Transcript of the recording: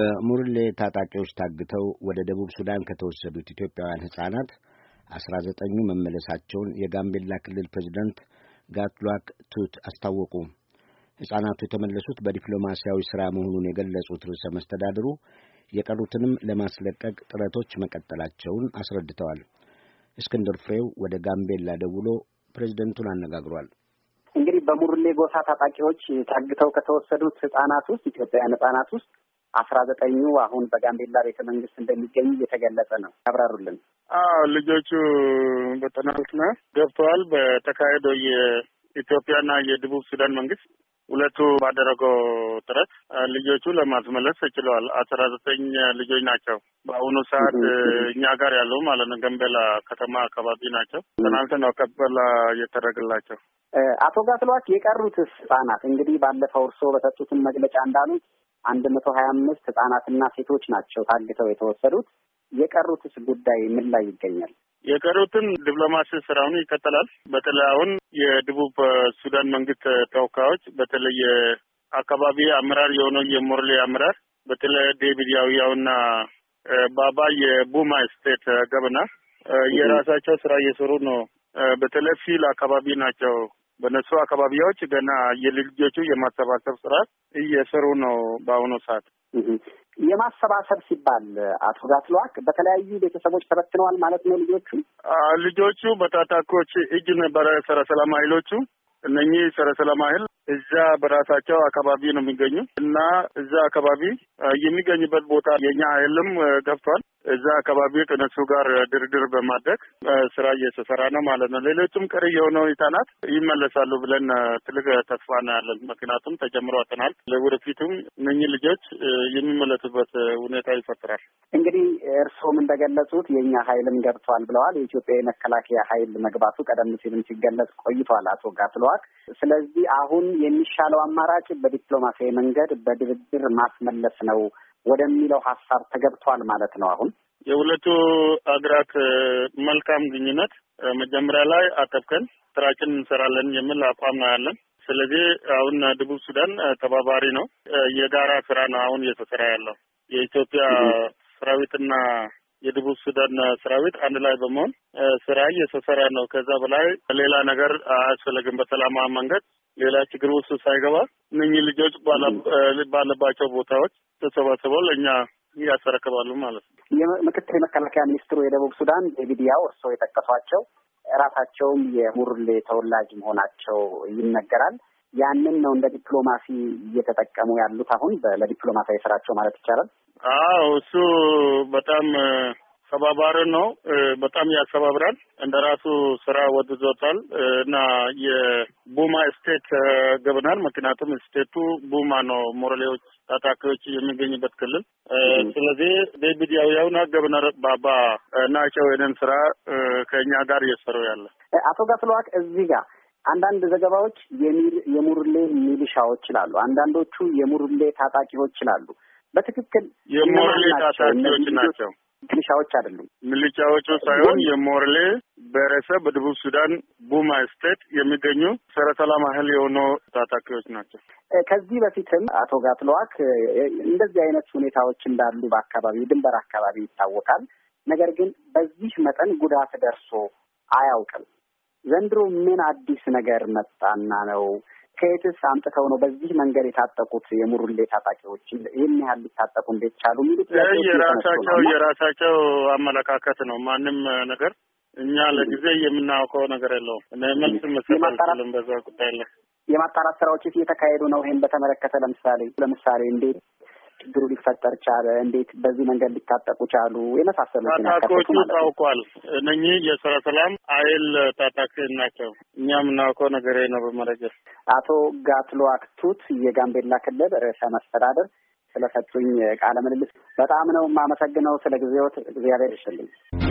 በሙርሌ ታጣቂዎች ታግተው ወደ ደቡብ ሱዳን ከተወሰዱት ኢትዮጵያውያን ሕፃናት አስራ ዘጠኙ መመለሳቸውን የጋምቤላ ክልል ፕሬዚደንት ጋትሏክ ቱት አስታወቁ። ሕፃናቱ የተመለሱት በዲፕሎማሲያዊ ሥራ መሆኑን የገለጹት ርዕሰ መስተዳድሩ የቀሩትንም ለማስለቀቅ ጥረቶች መቀጠላቸውን አስረድተዋል። እስክንድር ፍሬው ወደ ጋምቤላ ደውሎ ፕሬዚደንቱን አነጋግሯል። እንግዲህ በሙርሌ ጎሳ ታጣቂዎች ታግተው ከተወሰዱት ህጻናት ውስጥ ኢትዮጵያውያን ህጻናት ውስጥ አስራ ዘጠኙ አሁን በጋምቤላ ቤተ መንግስት እንደሚገኙ እየተገለጸ ነው። ያብራሩልን። አዎ ልጆቹ በጠናት ነ ገብተዋል። በተካሄደው የኢትዮጵያና የደቡብ ሱዳን መንግስት ሁለቱ ባደረገው ጥረት ልጆቹ ለማስመለስ ተችለዋል። አስራ ዘጠኝ ልጆች ናቸው በአሁኑ ሰዓት እኛ ጋር ያለው ማለት ነው። ገንበላ ከተማ አካባቢ ናቸው። ትናንት ነው ቀበላ እየተደረገላቸው። አቶ ጋስሏት የቀሩትስ ህጻናት እንግዲህ ባለፈው እርስዎ በሰጡትን መግለጫ እንዳሉት አንድ መቶ ሀያ አምስት ህጻናትና ሴቶች ናቸው ታግተው የተወሰዱት። የቀሩትስ ጉዳይ ምን ላይ ይገኛል? የቀሩትን ዲፕሎማሲ ስራውን ይቀጥላል። በተለይ አሁን የደቡብ ሱዳን መንግስት ተወካዮች በተለይ የአካባቢ አመራር የሆነው የሞርሌ አመራር በተለይ ዴቪድ ያውያውና ባባ የቡማ ስቴት ገበና የራሳቸው ስራ እየሰሩ ነው። በተለይ ፊል አካባቢ ናቸው በእነሱ አካባቢዎች ገና የልጆቹ የማሰባሰብ ስርዓት እየሰሩ ነው በአሁኑ ሰዓት። የማሰባሰብ ሲባል አቶ ጋትለዋክ በተለያዩ ቤተሰቦች ተበትነዋል ማለት ነው። ልጆቹ ልጆቹ በታጣቂዎች እጅ ነበረ ጸረ ሰላም ኃይሎቹ እነኚህ ጸረ ሰላም ኃይል እዛ በራሳቸው አካባቢ ነው የሚገኙ እና እዛ አካባቢ የሚገኝበት ቦታ የኛ ኃይልም ገብቷል። እዛ አካባቢ ከነሱ ጋር ድርድር በማድረግ ስራ እየተሰራ ነው ማለት ነው። ሌሎቹም ቀሪ የሆነው ህጻናት ይመለሳሉ ብለን ትልቅ ተስፋ ነው ያለን። ምክንያቱም ተጀምሮ አጥናል ለወደፊቱም እነኚህ ልጆች የሚመለሱበት ሁኔታ ይፈጥራል። እንግዲህ እርስዎም እንደገለጹት የእኛ ኃይልም ገብቷል ብለዋል። የኢትዮጵያ የመከላከያ ኃይል መግባቱ ቀደም ሲልም ሲገለጽ ቆይቷል አቶ ጋትለዋክ። ስለዚህ አሁን የሚሻለው አማራጭ በዲፕሎማሲያዊ መንገድ በድርድር ማስመለስ ነው ወደሚለው ሀሳብ ተገብቷል ማለት ነው። አሁን የሁለቱ አግራት መልካም ግንኙነት መጀመሪያ ላይ አጠብቀን ስራችን እንሰራለን የሚል አቋም ነው ያለን። ስለዚህ አሁን ደቡብ ሱዳን ተባባሪ ነው። የጋራ ስራ ነው አሁን እየተሰራ ያለው የኢትዮጵያ ሰራዊትና የደቡብ ሱዳን ሰራዊት አንድ ላይ በመሆን ስራ እየተሰራ ነው። ከዛ በላይ ሌላ ነገር አያስፈልግም። በሰላማዊ መንገድ ሌላ ችግር ውስጥ ሳይገባ እነኚህ ልጆች ባለባቸው ቦታዎች ተሰባስበው ለእኛ ያስረክባሉ ማለት ነው። የምክትል የመከላከያ ሚኒስትሩ የደቡብ ሱዳን ዴቪድ ያው እርስዎ የጠቀሷቸው ራሳቸውም የሙርሌ ተወላጅ መሆናቸው ይነገራል። ያንን ነው እንደ ዲፕሎማሲ እየተጠቀሙ ያሉት አሁን ለዲፕሎማሲያዊ ስራቸው ማለት ይቻላል። አዎ እሱ በጣም ተባባሪ ነው። በጣም ያስተባብራል። እንደ ራሱ ስራ ወድዞታል እና የቡማ ስቴት ገብናል። ምክንያቱም ስቴቱ ቡማ ነው፣ ሞረሌዎች ታጣቂዎች የሚገኝበት ክልል። ስለዚህ ዴቪድ ያው ያውና ገብነር ባባ ናቸው ይህንን ስራ ከእኛ ጋር እየሰሩ ያለ አቶ ጋፍለዋቅ እዚህ ጋር አንዳንድ ዘገባዎች የሙርሌ ሚሊሻዎች ይላሉ፣ አንዳንዶቹ የሙርሌ ታጣቂዎች ይላሉ። በትክክል የሙርሌ ታጣቂዎች ናቸው። ሚሊሻዎች አይደሉም። ሚሊሻዎቹ ሳይሆን የሞርሌ ብሔረሰብ በደቡብ ሱዳን ቡማ ስቴት የሚገኙ መሰረተ ዓላማ ያህል የሆኑ ታጣቂዎች ናቸው። ከዚህ በፊትም አቶ ጋትለዋክ እንደዚህ አይነት ሁኔታዎች እንዳሉ በአካባቢው ድንበር አካባቢ ይታወቃል። ነገር ግን በዚህ መጠን ጉዳት ደርሶ አያውቅም። ዘንድሮ ምን አዲስ ነገር መጣና ነው ከየትስ አምጥተው ነው በዚህ መንገድ የታጠቁት የሙሩሌ ታጣቂዎች ይህን ያህል ሊታጠቁ እንዴት ቻሉ? የራሳቸው የራሳቸው አመለካከት ነው። ማንም ነገር እኛ ለጊዜ የምናውቀው ነገር የለውም። መልስ መስጠት በዛ ጉዳይ ላይ የማጣራት ስራዎች እየተካሄዱ ነው። ይህን በተመለከተ ለምሳሌ ለምሳሌ እንዴት ችግሩ ሊፈጠር ቻለ? እንዴት በዚህ መንገድ ሊታጠቁ ቻሉ? የመሳሰሉ ታጣቂዎቹ ታውቋል። እነኚህ የስራ ሰላም አይል ታጣቂዎች ናቸው። እኛ የምናውቀው ነገር ነው። በመረጀት አቶ ጋትሎ አክቱት የጋምቤላ ክልል ርዕሰ መስተዳደር ስለሰጡኝ ቃለ ምልልስ በጣም ነው የማመሰግነው። ስለ ጊዜዎት እግዚአብሔር ይስጥልኝ።